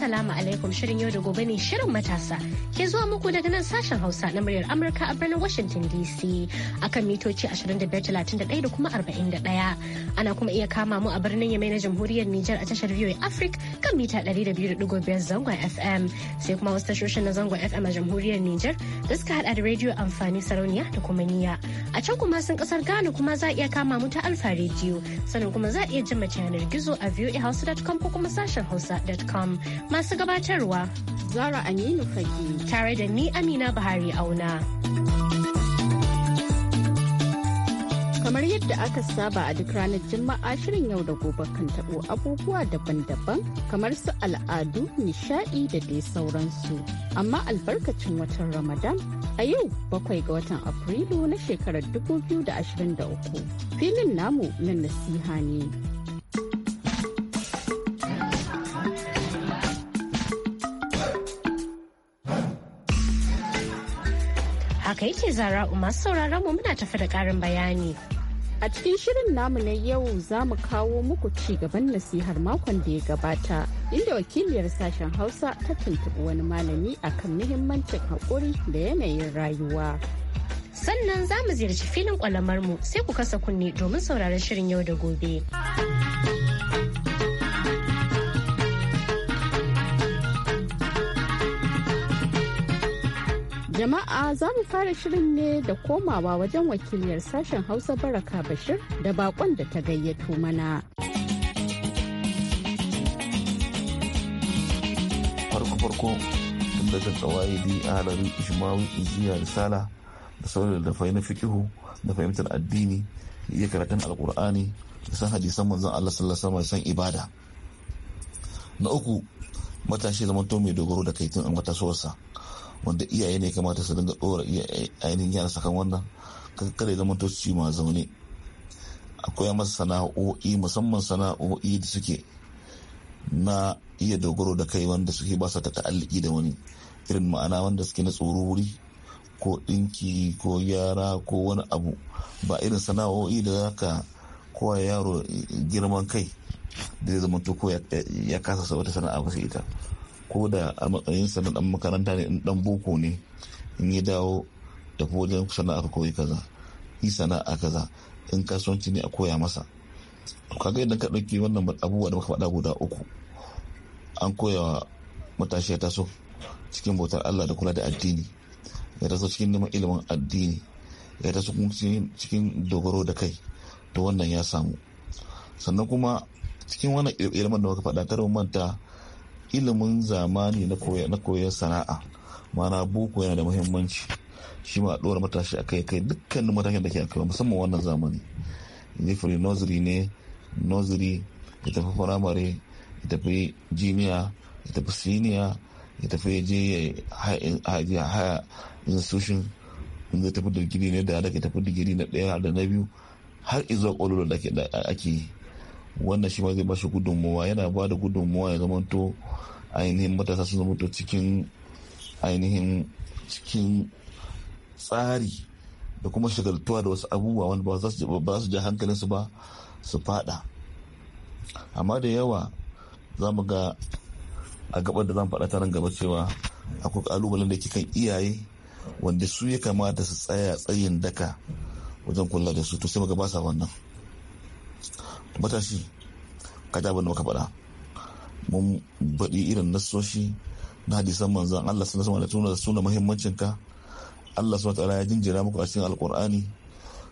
Assalamu alaikum shirin yau da gobe ne shirin matasa ke zuwa muku daga nan sashen Hausa na muryar Amurka a birnin Washington DC akan mitoci 2531 da kuma 41. Ana kuma iya kama mu a birnin Yamai na Jamhuriyar Nijar a tashar VOA Africa kan mita 200.5 zangon FM sai kuma wasu tashoshin na zangon FM a Jamhuriyar Nijar da suka hada da rediyo amfani sarauniya da kuma niya. A can kuma sun kasar Ghana kuma za a iya kama mu ta Alfa rediyo sannan kuma za a iya jima canar gizo a voahausa.com ko kuma sashen hausa.com Masu gabatarwa Zara Aminu Fage tare da ni Amina Buhari Auna. Kamar yadda aka saba a duk ranar Juma'a shirin yau da gobe kan taɓo abubuwa daban-daban kamar su al'adu, nishaɗi da dai sauransu. Amma albarkacin watan Ramadan a yau bakwai ga watan Afrilu na shekarar 2023 filin namu na nasiha ne. kai yake zara masu sauraron mu muna tafi da karin bayani. A cikin shirin namu na yau za mu kawo muku ci gaban nasihar makon da ya gabata inda wakiliyar sashen Hausa ta tuntuɓi wani malami akan muhimmancin haƙuri da yanayin rayuwa. Sannan za mu ziyarci filin mu sai ku kasa kunne domin sauraron shirin yau da gobe. Jama'a za mu fara shirin ne da komawa wajen wakiliyar sashen Hausa Baraka Bashir da bakon da ta gayyato mana. Farko-farko tun daga tsawaidi a halarin Ishmawi Ijiya Risala da sauran da na fikihu da fahimtar addini da iya karatun alkur'ani da san hadisan manzon Allah sallallahu alaihi san ibada. Na uku matashi to mai dogaro da kaitun an wata wanda iyaye ne kamata su dinga ɗora eh, ainihin yara sakan wannan kada zaman ma zaune akwai masa sana'o'i musamman sana'o'i da suke na iya dogaro da kai wanda suke ba ta ta'alliki da wani irin ma'ana wanda suke na tsoro wuri ko ɗinki ko yara ko wani abu ba irin sana'o'i da za ka kowa yaro eh, girman kai da zai zama to ya kasa wata sana'a ba sai ita ko da a matsayinsa na dan makaranta ne dan boko ne in ya dawo da wajen sana'ar koyi kaza yi sana'a kaza in kasuwanci ne a koya masa kaga idan ka ɗauki wannan abubuwa da muka faɗa guda uku an koya wa matashi ya taso cikin bautar Allah da kula da addini ya taso cikin neman ilimin addini ya taso cikin dogaro da kai to wannan ya samu sannan kuma cikin wannan ilimin da muka faɗa tare manta ilimin zamani na koyon sana'a mana boko yana da muhimmanci shi ma dora matashi a kai kai dukkanin matakin da ke akai musamman wannan zamani fari nozuri ne nozuri ya tafi firamare ya tafi jiniya ya tafi siniya ya tafi je ya haya institution zai tafi digiri ne da ya tafi digiri na ɗaya da na biyu har izuwa ƙwallon da ake yi wannan shi ma zai shi gudunmuwa yana ba da gudunmuwa ya zamanto ainihin matasa su zamanto cikin ainihin cikin tsari da kuma shagaltuwa da wasu abubuwa wanda ba za su ja hankalinsu ba su fada amma da yawa za mu ga a gabar da zan faɗa ta nan gaba cewa akwai kalubalen da kikan kan iyaye wanda su ya kamata su tsaya tsayin daka wajen kula da su to sai mu ga ba sa wannan matashi ka ji abin da faɗa mun baɗi irin nasoshi na hadisan manzan Allah suna sama da tuna da suna muhimmancin ka Allah suna ta'ala ya jinjira muku a cikin alkur'ani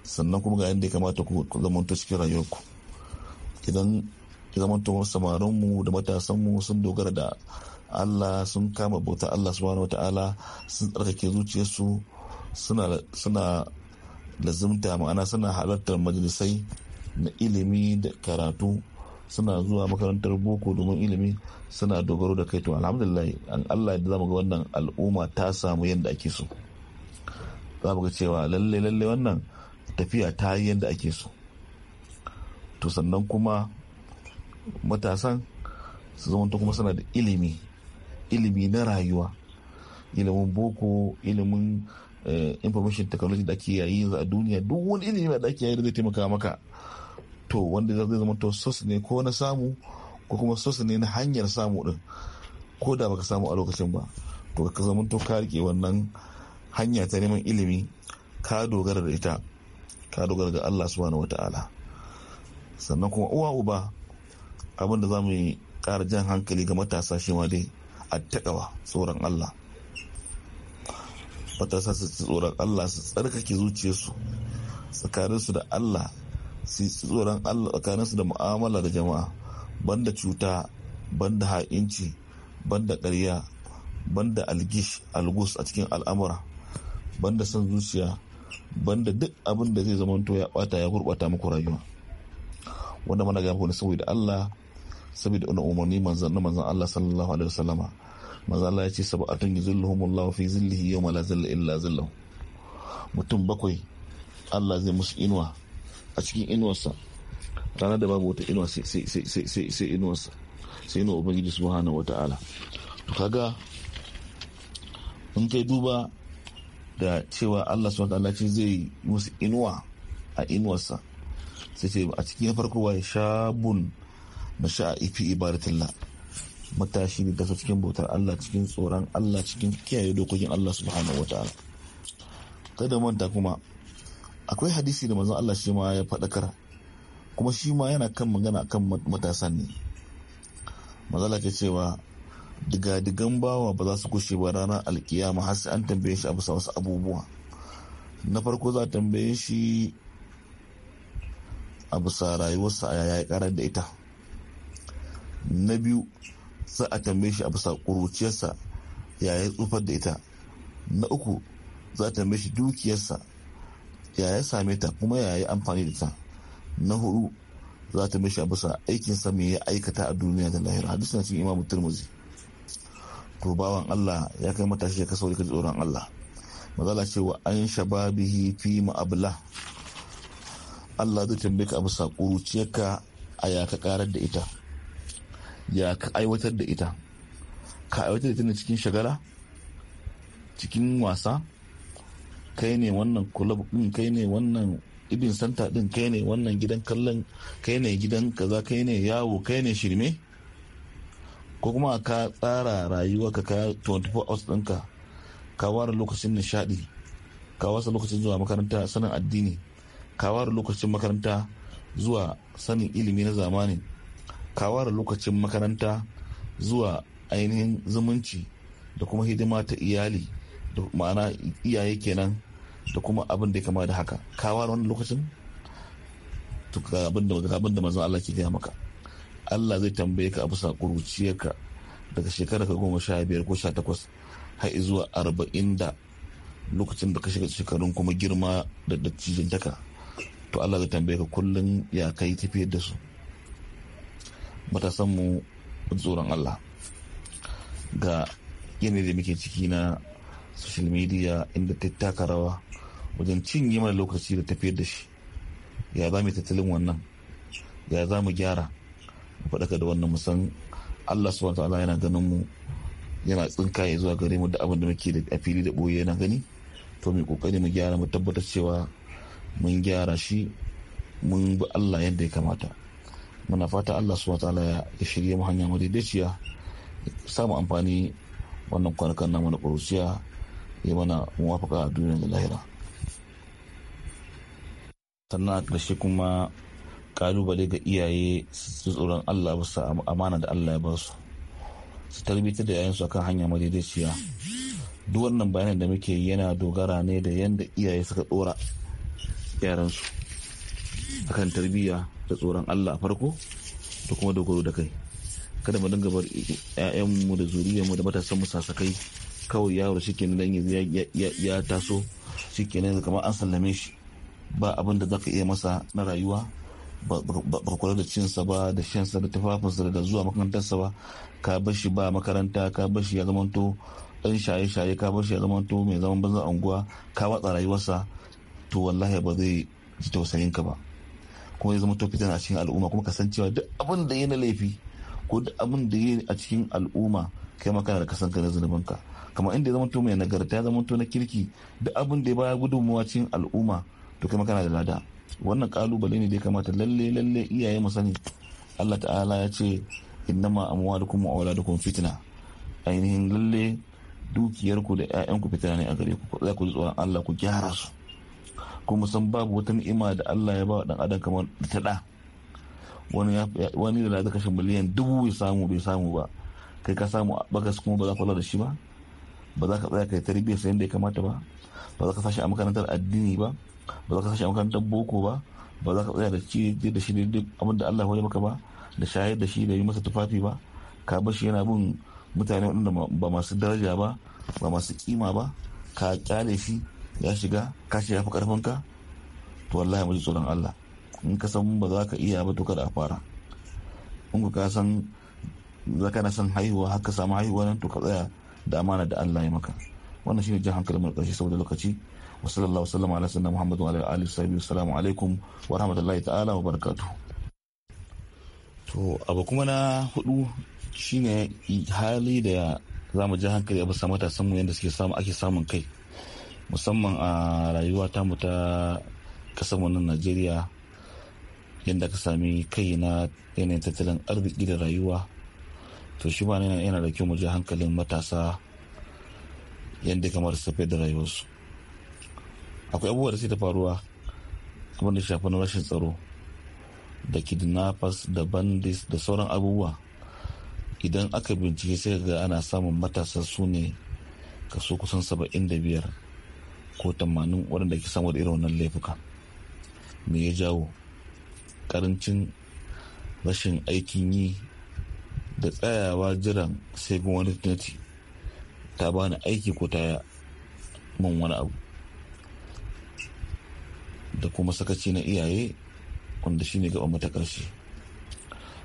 sannan kuma ga yadda ya kamata ku zamanto cikin rayuwarku idan ya zamanto samarin mu da matasanmu mu sun dogara da Allah sun kama bauta Allah subhanahu wata'ala sun tsarkake zuciyarsu suna suna lazimta ma'ana suna halartar majalisai na ilimi da karatu suna zuwa makarantar boko domin ilimi suna dogaro da kai to alhamdulillah an Allah da zamu ga wannan al'umma ta samu yadda ake so za ga cewa lalle lalle wannan tafiya ta yi yadda ake so to sannan kuma matasan su zama kuma suna da ilimi ilimi na rayuwa ilimin boko ilimin eh, information technology da ake yayi a duniya duk wani ilimi da ake yayi da zai taimaka maka to wanda zai zama to sos ne ko na samu ko kuma sos ne na hanyar samu din ko da baka samu a lokacin ba to ka zama to ka rike wannan hanya ta neman ilimi ka dogara da ita ka dogara ga Allah subhanahu wataala sannan kuma uwa uba abin da za mu yi ƙara jan hankali ga matasa shi ma dai a taƙawa tsoron Allah matasa su tsoron Allah su tsarkake zuciyarsu tsakaninsu da Allah su yi tsoron allah tsakaninsu da mu'amala da jama'a banda cuta banda ha'inci banda ƙarya banda algish algus a cikin al'amura banda son zuciya banda duk abin da zai zamanto ya bata ya gurbata muku rayuwa wanda mana ga ne saboda Allah saboda wani umarni manzan na manzan Allah sallallahu alaihi wasallama manzan Allah ya ce sab'atun Allah fi zillihi yawma la zilla illa zillu mutum bakwai Allah zai musu inuwa a cikin inuwarsa ranar da babu wata inuwa sai inuwarsa sai inuwa ubangiji subhanahu wata ala to kaga in kai duba da cewa Allah su wata ce zai musu inuwa a inuwarsa sai ce a cikin farko wa shabun sha ifi ibaratilla matashi ne gasa cikin bautar Allah cikin tsoron Allah cikin kiyaye dokokin Allah su hana wata ala kada manta kuma akwai hadisi da manzon Allah shi ma ya faɗakar kuma shi ma yana kan magana kan matasan ne mazala ke cewa diga-digan bawa ba za su kushe ba ranar alkiyama har sai an tambaye shi a bisa wasu abubuwa na farko za a tambaye shi a bisa rayuwarsa a yaya karar da ita na biyu za a tambaye shi a bisa ƙuruciyarsa yaya tsufar da ita na uku za a tambaye shi dukiyarsa ya ya same ta kuma ya yi amfani da ta na hudu za ta mishi a bisa aikin sa mai ya aikata a duniya da lahira hadisi na cikin imamu turmuzi to bawan Allah ya kai matashi ya kasauri ka tsoron Allah mazala cewa an shababihi fi ma'abla Allah zai tambaye ka a bisa ƙuruciyarka a ya ka karar da ita ya ka aiwatar da ita ka aiwatar da ita cikin shagala cikin wasa kai ne wannan kulab din kai ne wannan ibin santa din kai ne wannan gidan kallon kai ne gidan kaza kai ne yawo kai ne shirme ko kuma ka tsara rayuwa ka 24 hours ɗinka ka ware lokacin nishaɗi ka wasa lokacin zuwa makaranta sanin addini ka ware lokacin makaranta zuwa sanin ilimi na zamani ka ware lokacin makaranta zuwa ainihin zumunci da kuma hidima ta iyali da ma'ana iyaye kenan da kuma abin da ya kama da haka ka ware wani lokacin to ka abin da abin Allah ke gaya maka Allah zai tambaye ka a bisa ka daga shekara ka goma sha biyar ko sha takwas har zuwa arba'in da lokacin da ka shiga shekarun kuma girma da dattijin taka to Allah zai tambaye ka kullum ya kai tafiyar da su matasan mu tsoron Allah ga yanayi da muke ciki na social media inda ta taka rawa wajen cinye mana lokaci da tafiyar da shi ya za mu tattalin wannan ya za mu gyara mu faɗaka da wannan musan Allah subhanahu ta'ala yana ganin mu yana tsinka ya zuwa gare mu da abin da muke da a fili da boye yana gani to mu kokari mu gyara mu tabbatar cewa mun gyara shi mun bi Allah yadda ya kamata muna fata Allah subhanahu ta'ala ya shirya mu hanya madaidaiciya samu amfani wannan kwanakan namu na ƙuruciya ya mana muwafaka a duniyar da lahira sannan a ƙarshe kuma kalubale ga iyaye su tsoron allah su amana da allah ya ba su su tarbitar da yayansu akan hanya madaidaiciya duk wannan bayanin da muke yana dogara ne da yadda iyaye suka tsora yaransu akan tarbiyya da tsoron allah a farko da kuma dogaro da kai kada mu dinga bar ƴaƴanmu da zuriyarmu da matasanmu sasakai kawai yaro shi kenan ya taso shi kenan kamar an sallame shi ba abin da zaka iya masa na rayuwa ba kula da cinsa ba da shansa da tufafinsa da zuwa makarantarsa ba ka bar shi ba makaranta ka bar shi ya zamanto dan shaye-shaye ka bar shi ya zamanto mai zaman banzan anguwa ka watsa rayuwarsa to wallahi ba zai ji tausayin ba kuma ya zama to fitan a cikin al'umma kuma kasancewa duk abin da ya laifi ko duk abin da ya a cikin al'umma kai ma kana da kasan ka na zunubanka kamar inda ya zama to mai nagarta ya to na kirki duk abin da ya baya gudunmuwa cikin al'umma to kai kana da lada wannan kalubale ne da kamata lalle lalle iyaye mu sani Allah ta'ala ya ce innama amwalukum wa auladukum fitna ainihin lalle dukiyarku da ku fitina ne a gare ku za ku ji tsoron Allah ku gyara su kuma san babu wata ni'ima da Allah ya ba wa dan adam kamar ta da wani da zaka kashe miliyan dubu ya samu bai samu ba kai ka samu baka kuma ba za ka kula da shi ba ba za ka tsaya kai tarbiyyar sa da ya kamata ba ba za ka sashi a makarantar addini ba ba za ka sashi a makarantar boko ba ba za ka tsaya da ci da shi duk abin da Allah ya maka ba da shayar da shi da yi masa tufafi ba ka bar shi yana bin mutane wadanda ba masu daraja ba ba masu kima ba ka kyale shi ya shiga ka shi ya fi karfin ka to wallahi mu ji tsoron Allah in ka san ba za ka iya ba to kada a fara in ka san za ka na san haihuwa haka samu haihuwa nan to ka tsaya da amana da Allah ya maka wannan shine jihar hankali mai karshe saboda lokaci wa sallallahu sallama ala sayyidina muhammadu wa ala alihi wa assalamu alaikum wa rahmatullahi ta'ala wa barakatu to abu kuma na hudu shine hali da za mu ji hankali abu samu ta samu yadda suke samu ake samun kai musamman a rayuwa ta mu ta kasar wannan Najeriya yadda ka sami kai na yanayin tattalin arziki da rayuwa to shi ba yana da kyau mu ji hankalin matasa yadda kamar su tafi da rayuwarsu akwai abubuwa da suke ta faruwa kamar da shafi rashin tsaro da kidnappers da bandits da sauran abubuwa idan aka bincike sai ga ana samun matasa su ne kaso kusan 75 ko 80 waɗanda ke samu da irin wannan laifuka me ya jawo karancin rashin aikin yi da tsayawa jiran sai gwamnati ta bani aiki ko ta min wani abu da kuma sakaci na iyaye wanda shi ne gaban mata ƙarshe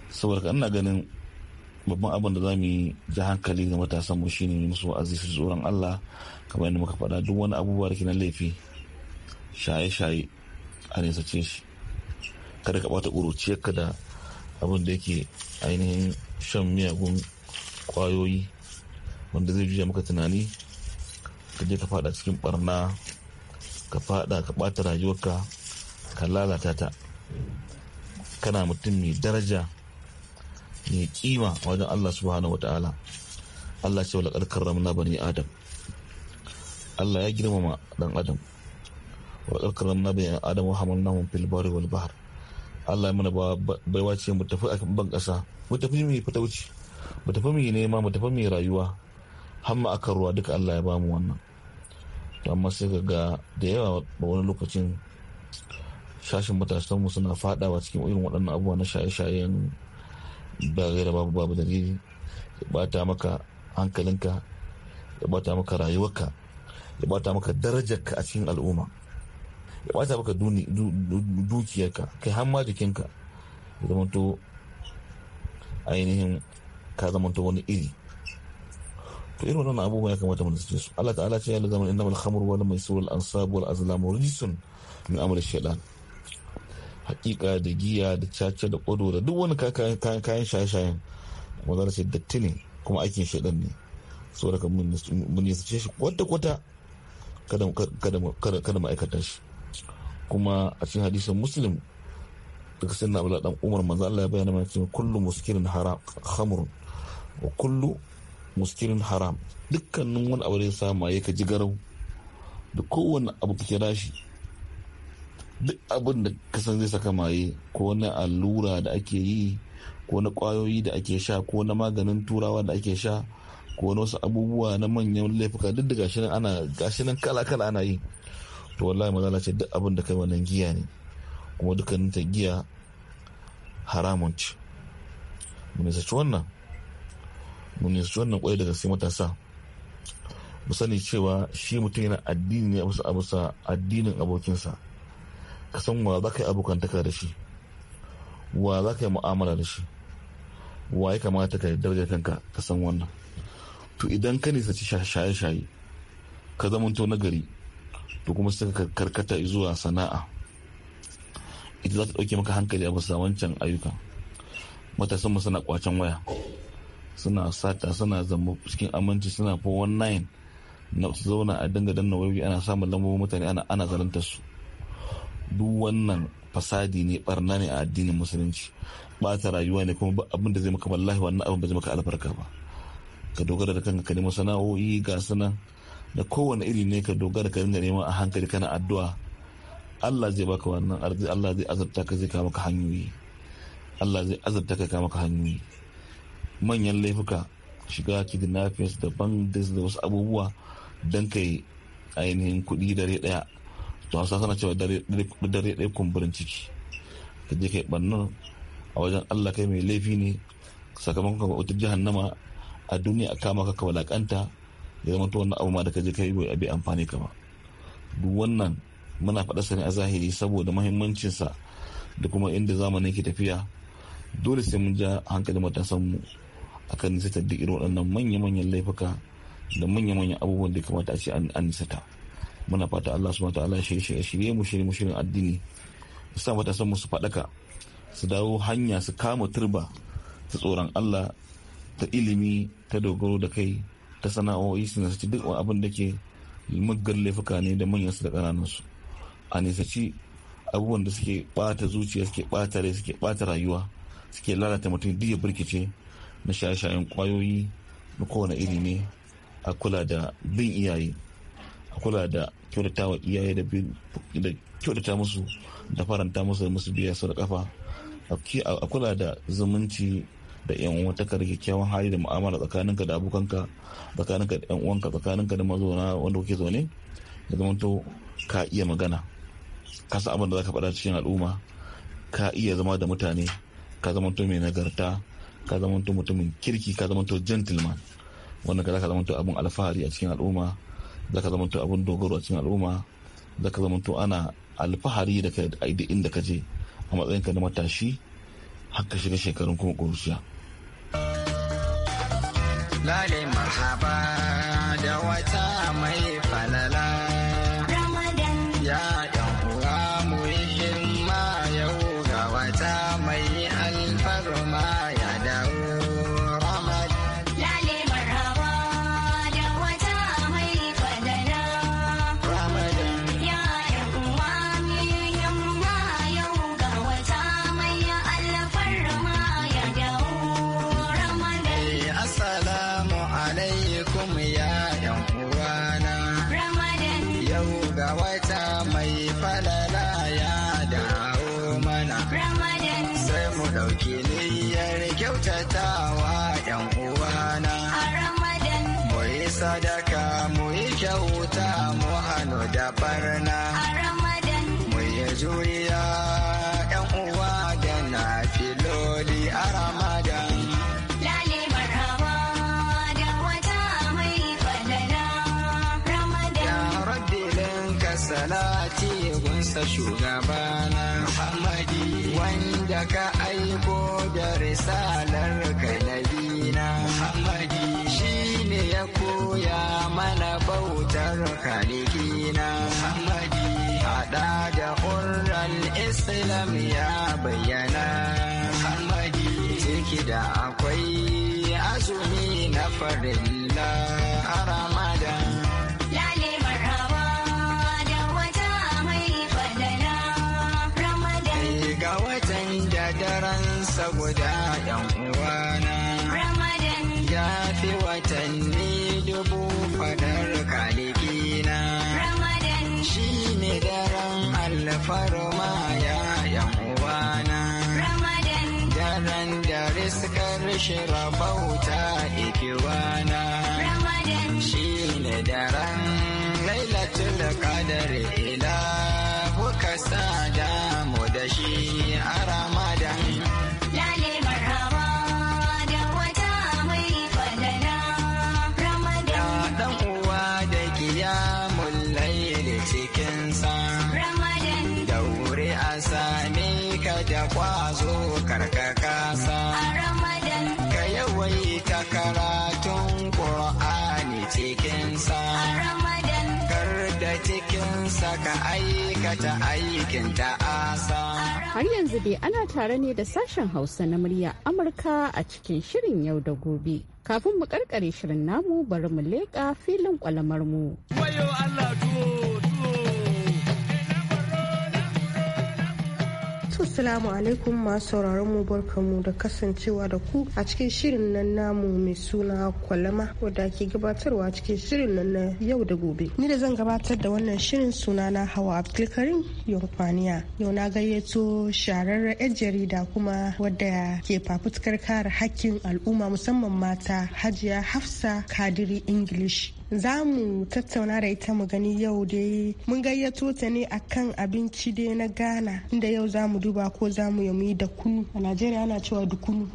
saboda ina ganin babban abin da za mu yi ji hankali ga matasan mu shine musu wa'azi su tsoron Allah kamar yadda muka faɗa duk wani abubuwa da ke na laifi shaye-shaye a ce shi kada ka bata ƙuruciyarka da abin da yake ainihin shan miyagun ƙwayoyi wanda zai juya maka tunani ka je ka fada cikin barna ka fada ka bata rayuwarka ka lalata ta kana mutum mai daraja mai kima wajen Allah subhanahu ta'ala Allah ce wa laƙar karramna bani adam Allah ya girmama dan adam wa laƙar karramna bani adam wa hamalna mun fil bari wal bahr Allah ya mana baiwa ce mu tafi a ban ƙasa mu tafi mai fita mu tafi mai nema mu tafi mai rayuwa hamma akan ruwa duka Allah ya bamu wannan amma sai ga da yawa wani lokacin shashin matasanmu suna fadawa cikin irin waɗannan abubuwa na shaye-shayen ba gaira babu babu dalili ya bata maka hankalinka ya bata maka rayuwarka ya bata maka darajarka a cikin al'umma ya bata maka dukiyarka kai har ma jikinka ya zamanto ainihin ka zamanto wani iri to irin wannan abubuwa ya kamata mu nisance su Allah ta'ala ce ya lazama innamal khamru wal maisur wal ansab wal azlamu rijsun min amali shaytan hakika da giya da caca da kodo da duk wani kayan kayan shaye-shayen magana ce datti ne kuma aikin shaidan ne saboda ka mun nisace shi kwata-kwata kada mu ma'aikata shi kuma a cikin hadisin muslim daga sayyidina abdullahi dan umar manzo Allah ya bayyana mana cewa kullu muskirin haram khamrun wa kullu muskirin haram dukkanin wani abu da ya samu ya ji garau da kowane abu ka kira shi duk abin da ka san zai saka maye ko na allura da ake yi ko na kwayoyi da ake sha ko na maganin turawa da ake sha ko na wasu abubuwa na manyan laifuka duk da gashinan ana kala kala ana yi to wallahi maza ce duk abin da kai wannan giya ne kuma dukkanin ta giya haramun ce mun wannan mun yi wannan kwai daga sai matasa mu sani cewa shi mutum yana addini ne a bisa addinin abokinsa ka san wa za ka yi abokantaka da shi wa za ka yi mu'amala da shi wa ya kamata ka daraja kanka ka san wannan to idan ka ci shaye-shaye ka zamanto na gari to kuma suka karkata zuwa sana'a ita za ta ɗauke maka hankali a bisa wancan ayyuka matasan mu suna kwacen waya suna sata suna zama cikin aminci suna 419 na su zauna a dinga danna wayoyi ana samun lambobin mutane ana ana zalunta su duk wannan fasadi ne barna ne a addinin musulunci bata rayuwa ne kuma abin da zai maka wallahi wannan abin ba zai maka albarka ba ka dogara da kanka ka nemi sana'o'i ga sanan da kowane iri ne ka dogara ka dinga neman a hankali kana addu'a Allah zai baka wannan arziki Allah zai azabta ka zai kawo maka hanyoyi Allah zai azabta ka kawo maka hanyoyi manyan laifuka shiga kidnappings da bandits da wasu abubuwa don kai ainihin kuɗi dare ɗaya to hausa sana cewa dare ɗaya kumburin ciki ka je kai ɓannan a wajen allah kai mai laifi ne sakamakon ka bautar jahannama a duniya a kama ka walakanta ya zama to wannan abu ma da ka je kai bai abi amfani ka duk wannan muna faɗa sani a zahiri saboda mahimmancinsa da kuma inda zamanin ke tafiya dole sai mun ja hankalin matasanmu akan nisata duk irin waɗannan manya-manyan laifuka da manya-manyan abubuwan da kamata a ce an nisata muna fata Allah subhanahu ta'ala shirye shirye mu shirye mu addini su sa mata mu su faɗaka su dawo hanya su kama turba ta tsoron Allah ta ilimi ta dogaro da kai ta sana'o'i su duk abin da ke muggar laifuka ne da manyan su da ƙananansu a nisaci abubuwan da suke ɓata zuciya suke ɓata rai suke ɓata rayuwa suke lalata mutum duk ya birkice na shaye-shayen kwayoyi na kowane iri ne a kula da bin iyaye a kula da kyautata wa iyaye da kyautata musu da faranta musu da musu biya su da kafa a kula da zumunci da yan ta da kyawun hali da mu'amala tsakaninka da abokanka tsakaninka da yan uwanka tsakaninka da mazauna wanda kuke zaune ya zama to ka iya magana ka san abin da zaka faɗa cikin al'umma ka iya zama da mutane ka zama to mai nagarta ka zama to mutumin kirki ka zama to gentleman wanda ka zaka zama to abun alfahari a cikin al'umma zaka zama to abun dogaro a cikin al'umma zaka zama to ana alfahari da kai da inda ka je a matsayinka na matashi har ka shiga shekarun kuma ƙuruciya. Lale mahaba da wata mai Salarka kai nabina Muhammadi shi ne ya koya mana bautar kalikina Muhammadi hada da hurral Islam ya bayyana Muhammadi ciki da akwai azumi na farin ma ya yamuwana ramadan daren dare suka bauta rabauta ikiwana ramadan shi ne daren ta aikin asa. Har yanzu dai ana tare ne da sashen Hausa na murya Amurka a cikin shirin yau da gobe. Kafin mu karkare shirin namu bari mu leƙa filin kwalamar mu. Allah Assalamu alaikum masu sauraron mu barkanmu da kasancewa da ku a cikin shirin nan namu mai suna kwalama wadda ke gabatarwa cikin shirin nan na yau da gobe. Ni da zan gabatar da wannan shirin suna na Hawa Abdulkarim Yankwaniya. Yau na gayyato shararren 'yan jarida kuma wadda ke fafutukar kare hakkin al'umma musamman mata Hajiya Hafsa Kadiri English za mu tattauna da ita mu gani yau dai mun gayyato ta ne akan abinci dai na ghana inda yau za mu duba ko za mu yi da kunu a najeriya ana cewa da kunu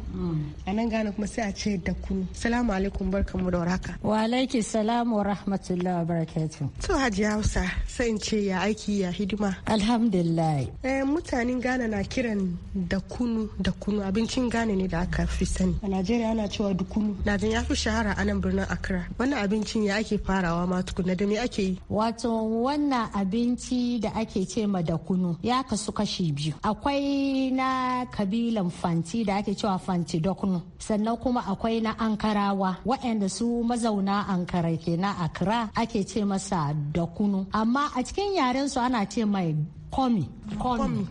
a nan ghana kuma sai a ce da kunu salamu alaikum barkamu da warhaka wa alaiki salamu wa rahmatullahi wa barakatu to hajji hausa sai in ce ya aiki ya hidima alhamdulillah eh, mutanen ghana na kiran da kunu da kunu abincin ghana ne da aka fi sani a najeriya ana cewa da kunu na ya fi shahara a nan birnin Akra wannan abincin ya ake farawa ma tukunna da me ake yi wato wannan abinci da ake ce ma da kunu ya kasu kashi biyu akwai na kabilan fanti da ake cewa fanti da kunu sannan kuma akwai na ankarawa waɗanda su mazauna ankara kenan akra ake ce masa da kunu amma a cikin yaren su ana ce mai komi eh, komi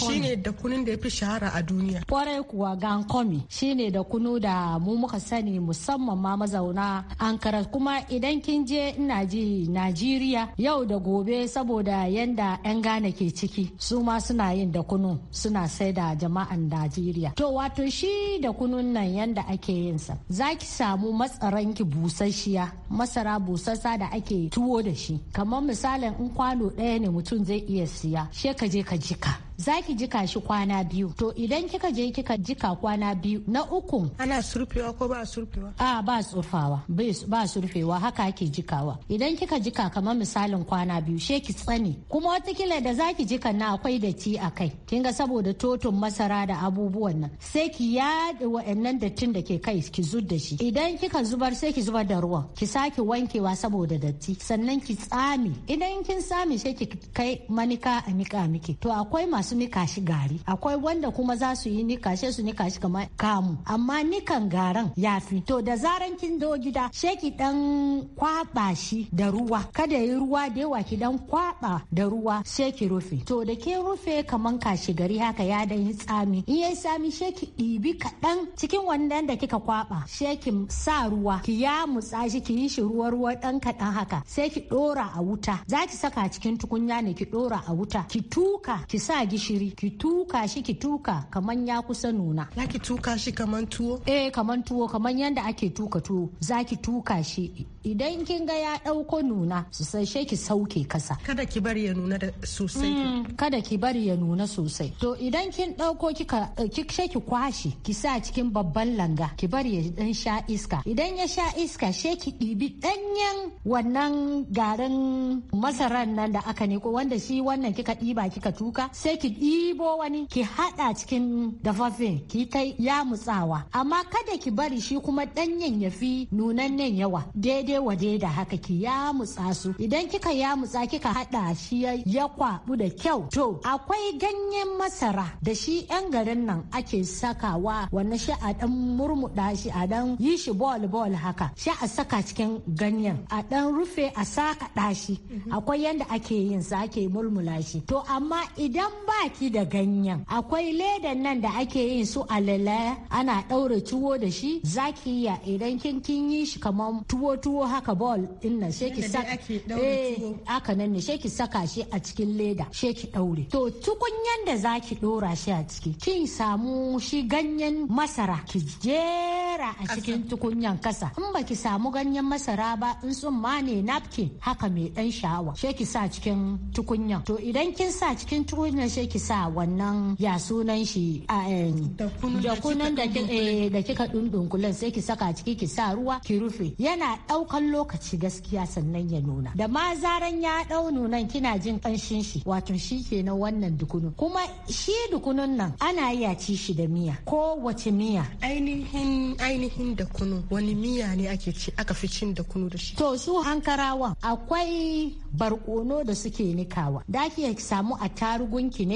shine da kunun da yafi shahara a duniya kwarai kuwa gan komi shine da kunu da mu muka sani musamman ma mazauna Ankara kuma idan kin je ina ji Najeriya yau da gobe saboda yanda yan Ghana ke ciki su ma suna yin da kunu suna sai da jama'an Najeriya to wato shi da kunun nan yanda ake yin sa zaki samu matsaran ki busasshiya masara busassa da ake tuwo da shi kamar misalin in kwano ɗaya ne mutum zai iya siya she ka je ka jika za ki jika shi kwana biyu to idan kika je kika jika kwana biyu na uku ana surfewa ko ba surfewa a ba tsufawa ba surfewa haka ake jikawa idan kika jika kamar misalin kwana biyu she ki tsane kuma watakila da za ki jika na akwai datti a kai kin ga saboda totun masara da abubuwan nan sai ki yaɗa wa'annan dattin da ke kai ki zub da shi idan kika zubar sai ki zubar da ruwan ki sake wankewa saboda datti sannan ki tsami. idan kin sami sai ki kai manika a miƙa miki to akwai masu masu nika shi gari akwai wanda kuma za su yi nika she su nika shi kamar kamu amma nikan garan yafi to da zaran kin do gida sheki dan kwaba shi da ruwa kada yi ruwa da yawa ki dan kwaba da ruwa sheki rufe to da ke rufe kaman kashi gari haka ya dan yi tsami in yayi tsami sheki ɗibi kaɗan cikin wannan da kika kwaba sheki sa ruwa ki ya mutsa shi ki yi shi ruwa ruwa dan kaɗan haka sai ki ɗora a wuta za ki saka cikin tukunya ne ki ɗora a wuta ki tuka ki sa gishiri ki tuka shi ki tuka kaman ya kusa nuna za ki tuka shi kaman tuwo eh kaman tuwo kaman yanda ake tuka tuwo za ki tuka shi idan kin ga ya dauko nuna sosai ki sauke kasa kada ki bari ya nuna da sosai mm, kada ki bari ya nuna sosai to idan kin dauko kika uh, ki kwashi ki sa cikin babban langa ki bari ya dan sha iska idan ya sha iska she ki ɗibi ɗanyen wannan garin masaran nan da aka ne ko wanda shi wannan kika ɗiba kika tuka sai ki ki ɗibo wani ki haɗa cikin dafaffin ki ta mutsawa amma kada ki bari shi kuma ɗanyen ya fi nunannen yawa daidai wa da haka ki mutsa su idan kika ya mutsa kika haɗa shi ya kwaɓu da kyau to akwai ganyen masara da shi 'yan garin nan ake sakawa wannan shi a ɗan murmuɗa shi a ɗan yi shi bol bol haka shi a saka cikin ganyen a ɗan rufe a saka ɗashi mhm. akwai yanda ake yin sa ake murmula shi to amma idan ba baki da ganyen akwai ledan nan da ake yin su alala ana ɗaure tuwo da shi zaki iya idan kin kin yi shi kamar tuwo tuwo haka ball din nan sheki saka eh aka nan ne sheki saka shi a cikin leda sheki ɗaure to tukunyan da zaki ɗora shi a ciki kin samu shi ganyen masara ki jera a cikin tukunyan kasa in baki samu ganyen masara ba in tsumma ne napkin haka mai ɗan sha'awa sheki sa cikin tukunyan to idan kin sa cikin tukunyan sai ki sa wannan ya sunan shi a eh, da kunan da kika dundunkulan eh, sai ki saka ciki ki sa ruwa ki rufe yana daukan lokaci gaskiya sannan ya nuna da ma zaran ya dau nunan kina jin kanshin shi wato shi kenan wannan dukunu kuma shi dukunun nan ana iya ci shi da miya ko wace miya ainihin ainihin da kunu wani miya ne ake ci aka fi cin da kunu da shi to su hankarawan akwai barkono da suke nikawa da ki samu a tarugunki ne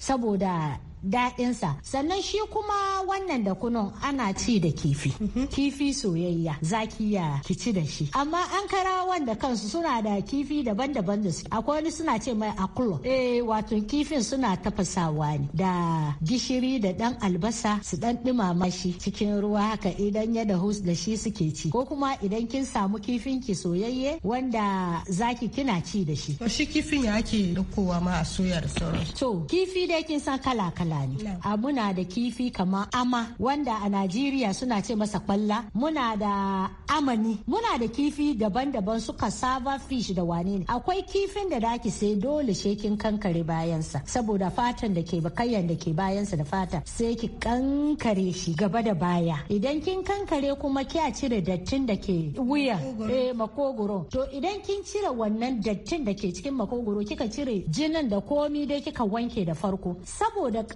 saboda daɗinsa sannan shi kuma wannan da kunun ana ci da kifi mhm. kifi soyayya zaki ya kici da shi amma an kara wanda kansu suna da kifi daban-daban da su akwai wani suna ce mai akulo eh wato kifin suna tafasawa ne da gishiri da dan albasa su dan dumama shi cikin ruwa haka idan ya da da shi suke ci ko kuma idan kin samu kifin ki soyayye wanda zaki kina ci da shi shi kifin ya ake daukowa ma a soyar to kifi dai kin san kala-kala Fulani. a muna da kifi kamar ama wanda a Najeriya suna ce masa kwalla muna da amani muna da kifi daban-daban su cassava fish da wane ne akwai kifin da daki sai dole shekin kankare bayansa saboda fatan da ke bakayyan da ke bayansa da fata sai ki kankare shi gaba da baya idan kin kankare kuma kya cire dattin da ke wuya eh makogoro to idan kin cire wannan dattin da ke cikin makogoro kika cire jinin da komi dai kika wanke da farko saboda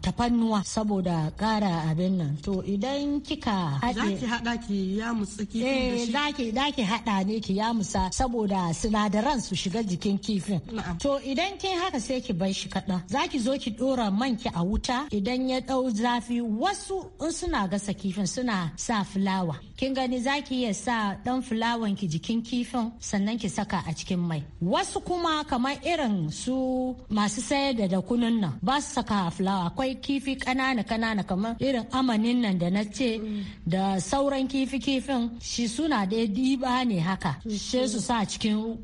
tafannuwa saboda kara abin nan to idan kika haɗe zaki haɗa ki ya musu kifin eh zaki zaki haɗa ne ki ya musa saboda sinadaran su shiga jikin kifin to idan kin haka sai ki bar shi kaɗan zaki zo ki dora man ki a wuta idan ya ɗau zafi wasu in suna gasa kifin suna sa fulawa kin gani zaki iya sa dan fulawan ki jikin kifin sannan ki saka a cikin mai wasu kuma kamar irin su masu sayar da dakunan nan ba su saka fulawa akwai kifi kanana kanana kamar irin amanin nan da na ce da sauran kifi kifin shi suna da diba ne haka she su sa cikin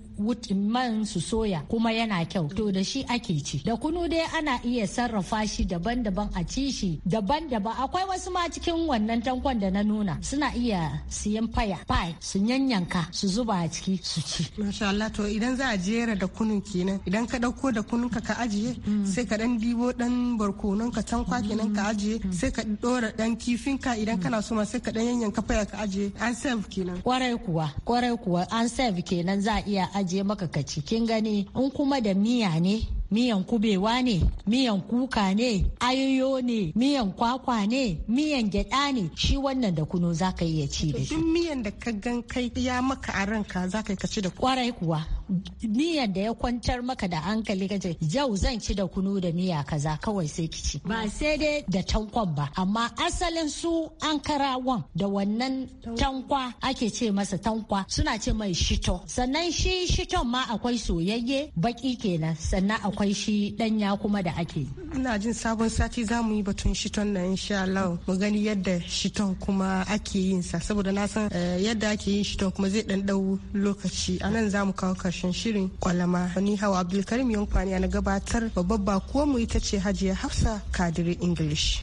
man su soya kuma yana kyau to da shi ake ci da kunu dai ana iya sarrafa shi daban-daban a ci shi daban-daban akwai wasu ma cikin wannan tankon da na nuna suna iya siyan faya pie su yanyanka su zuba a ciki su ci masha Allah to idan za a jera da kunun kenan idan ka dauko da kunun ka ka ajiye mm. sai ka dan dibo dan barkonon ka tankwa kenan ka ajiye mm. sai ka dora dan kifin ka idan kana so ma sai ka dan yanyanka faya ka ajiye an save kenan kwarai kuwa kwarai kuwa an save kenan za a iya ajiye je maka ka ci kin gani in kuma da miya ne miyan kubewa ne miyan kuka ne ayoyo ne miyan kwakwa ne miyan gyada ne shi wannan da kuno zaka iya ci da shi miyan da ka gan kai ya maka a ranka zaka ka ci da kwarai kuwa miyan da ya kwantar maka da hankali kace yau zan ci da kunu da miya kaza kawai sai ki ci ba sai dai da tankwan ba amma asalin su an karawan da wannan tankwa ake ce masa tankwa suna ce mai shito sannan shi shiton ma akwai soyayye baki kenan sannan akwai shi danya kuma da ake ina jin sabon sati za yi batun shiton na insha Allah mu gani yadda shiton kuma ake yin sa saboda na san eh, yadda ake yin shiton kuma zai dan dau lokaci anan za mu kawo karshe karshen shirin kwalama wani hawa abdulkarim yankwani na gabatar babbar bakuwa mu ita ce hajiya hafsa kadiri english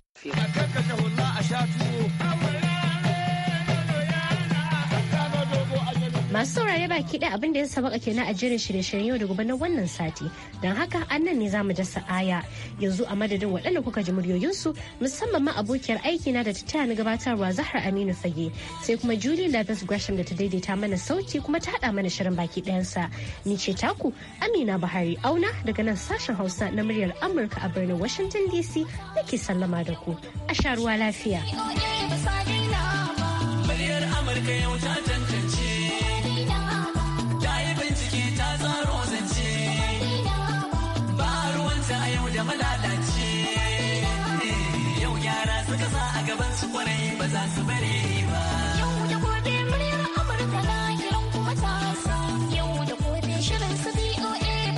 Masu saurare baki da abin da ya sabaka kenan a jerin shirye-shiryen yau da gobe na wannan sati. Don haka an nan ne zamu dasa aya yanzu a madadin waɗanda kuka ji muryoyinsu musamman ma abokiyar aiki na da ta taya ni gabatarwa Zahra Aminu Fage sai kuma Julie Lathis Gresham da ta daidaita mana sauti kuma ta haɗa mana shirin baki ɗayansa. Ni ce taku Amina Buhari Auna daga nan sashen Hausa na muryar Amurka a birnin Washington DC nake sallama da ku. A sha ruwa lafiya. Muryar Amurka yau ta